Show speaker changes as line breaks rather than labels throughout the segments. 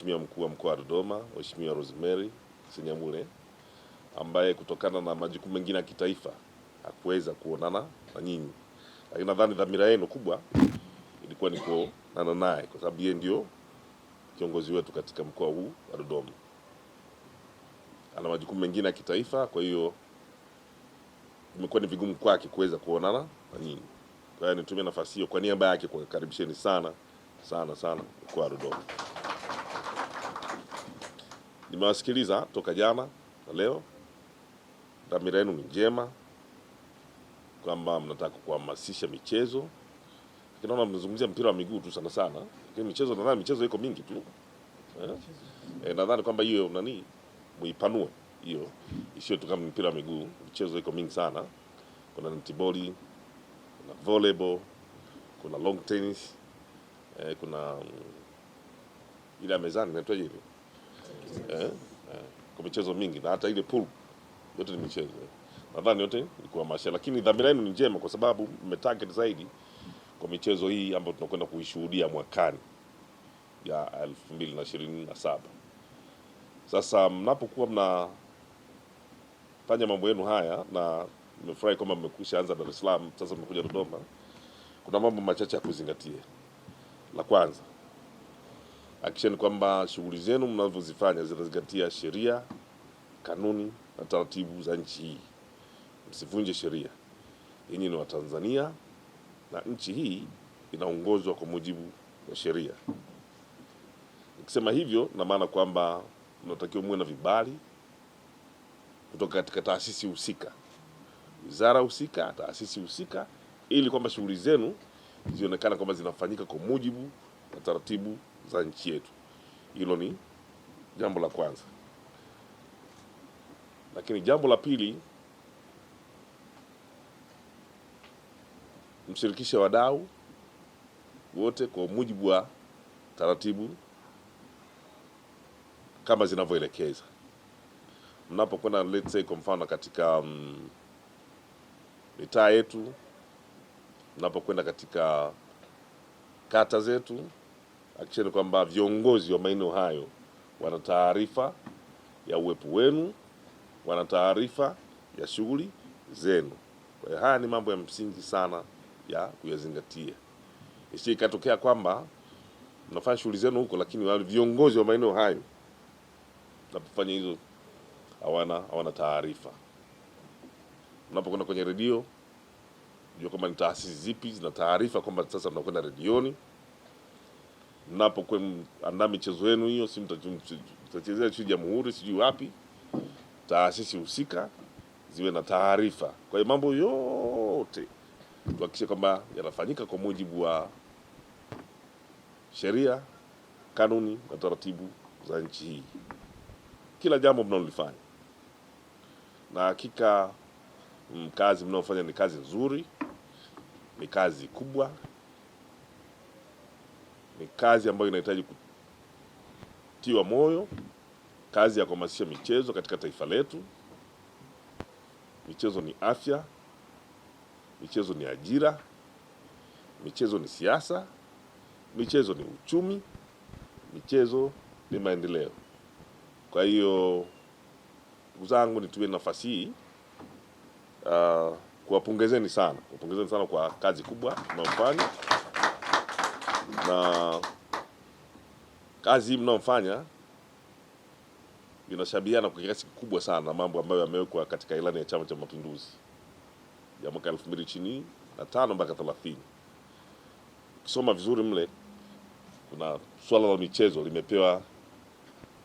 Mheshimiwa mkuu wa mkoa wa Dodoma Mheshimiwa Rosemary Senyamule ambaye kutokana na majukumu mengine ya kitaifa hakuweza kuonana na nyinyi, lakini nadhani dhamira yenu kubwa ilikuwa ni kuonana naye kwa sababu yeye ndio kiongozi wetu katika mkoa huu wa Dodoma. Ana majukumu mengine ya kitaifa, kwa hiyo imekuwa ni vigumu kwake kuweza kuonana na nyinyi. Kwa hiyo nitumie nafasi hiyo kwa niaba yake kuwakaribisheni sana sana sana mkoa wa Dodoma. Nimewasikiliza toka jana na leo. Dhamira yenu ni njema kwamba mnataka kuhamasisha michezo, lakini naona mmezungumzia mpira wa miguu tu sana sana, lakini michezo, nadhani michezo iko mingi tu eh? Eh, nadhani kwamba hiyo nani muipanue hiyo, isiyo tu kama mpira wa miguu. Michezo iko mingi sana, kuna netiboli, kuna volleyball, kuna long tennis eh, kuna mm, ile mezani inaitwaje hivi eh, eh, kwa michezo mingi na hata ile pool yote ni michezo nadhani yote ilikuwa masha, lakini dhamira yenu ni njema, kwa sababu mmetarget zaidi kwa michezo hii ambayo tunakwenda kuishuhudia mwakani ya 2027. Sasa mnapokuwa mnafanya mambo yenu haya, na nimefurahi kwamba mmekwisha anza Dar es Salaam, sasa mmekuja Dodoma, kuna mambo machache ya kuzingatia. La kwanza hakikisheni kwamba shughuli zenu mnazozifanya zinazingatia sheria, kanuni na taratibu za nchi hii. Msivunje sheria, ninyi ni Watanzania na nchi hii inaongozwa kwa mujibu wa sheria. Nikisema hivyo, na maana kwamba mnatakiwa muwe na vibali kutoka katika taasisi husika, wizara husika, taasisi husika, ili kwamba shughuli zenu zionekana kwamba zinafanyika kwa mujibu wa taratibu za nchi yetu. Hilo ni jambo la kwanza, lakini jambo la pili, mshirikishe wadau wote kwa mujibu wa taratibu kama zinavyoelekeza. Mnapokwenda let's say, kwa mfano katika mm, mitaa yetu mnapokwenda katika kata zetu hakikisheni kwamba viongozi wa maeneo hayo wana taarifa ya uwepo wenu, wana taarifa ya shughuli zenu. Kwa hiyo haya ni mambo ya msingi sana ya kuyazingatia, isije ikatokea kwamba mnafanya shughuli zenu huko, lakini wale viongozi wa maeneo hayo mnapofanya hizo hawana hawana taarifa. Mnapokwenda kwenye redio, jua kwamba ni taasisi zipi zina taarifa kwamba sasa mnakwenda redioni mnapokuwa andaa michezo yenu hiyo, si mtachezea sijui Jamhuri sijui wapi, taasisi husika ziwe na taarifa. Kwa hiyo mambo yote tuhakikishe kwamba yanafanyika kwa mujibu wa sheria, kanuni na taratibu za nchi hii, kila jambo mnalolifanya. Na hakika mm, kazi mnaofanya ni kazi nzuri, ni kazi kubwa ni kazi ambayo inahitaji kutiwa moyo, kazi ya kuhamasisha michezo katika taifa letu. Michezo ni afya, michezo ni ajira, michezo ni siasa, michezo ni uchumi, michezo ni maendeleo. Kwa hiyo ndugu zangu, nitumie nafasi hii uh, kuwapongezeni sana, kuwapongezeni sana kwa kazi kubwa mnayofanya na kazi hii mnaofanya inashabihiana kwa kiasi kikubwa sana na mambo ambayo yamewekwa katika ilani ya Chama cha Mapinduzi ya mwaka elfu mbili ishirini na tano mpaka thelathini. Ukisoma vizuri mle kuna swala la michezo limepewa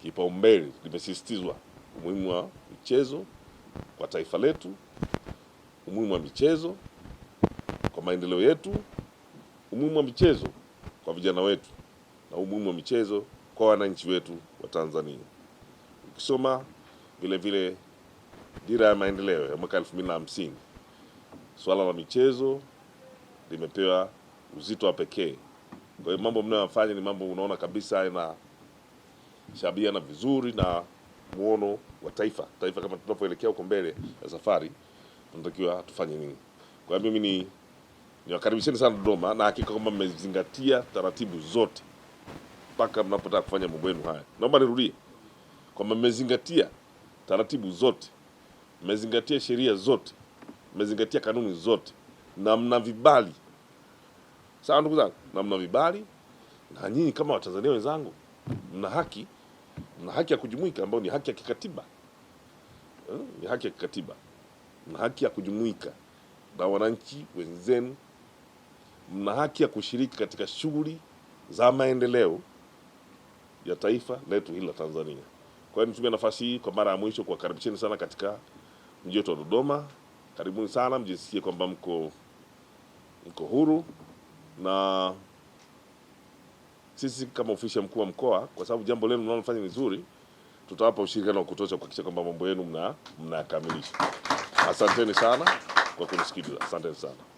kipaumbele, limesisitizwa umuhimu wa michezo kwa taifa letu, umuhimu wa michezo kwa maendeleo yetu, umuhimu wa michezo vijana wetu na umuhimu wa michezo kwa wananchi wetu wa Tanzania. Ukisoma vile vile dira ya maendeleo ya mwaka 2050 swala la michezo limepewa uzito wa pekee. Kwa hiyo mambo mnayofanya ni mambo unaona kabisa yana shabia na vizuri na muono wa taifa taifa, kama tunapoelekea huko mbele ya safari tunatakiwa tufanye nini. Kwa hiyo mimi ni Niwakaribisheni sana Dodoma, na hakika kwamba mmezingatia taratibu zote mpaka mnapotaka kufanya mambo yenu haya. Naomba nirudie kwamba mmezingatia taratibu zote, mmezingatia sheria zote, mmezingatia kanuni zote na mna vibali sawa, ndugu zangu, na mna vibali, na nyinyi kama Watanzania wenzangu mna haki, mna haki ya kujumuika ambayo ni haki ya kikatiba hmm, ni haki ya kikatiba na haki ya kujumuika na wananchi wenzenu mna haki ya kushiriki katika shughuli za maendeleo ya taifa letu hili la Tanzania. Kwa hiyo nitumia nafasi hii kwa mara ya mwisho kuwakaribisheni sana katika mji wetu wa Dodoma. Karibuni sana, mjisikie kwamba mko mko huru na sisi kama ofisi ya mkuu wa mkoa, kwa sababu jambo lenu mnalofanya ni zuri, tutawapa ushirikiano wa kutosha kuhakikisha kwamba mambo yenu mnayakamilisha. asanteni sana kwa kunisikiliza, asanteni sana.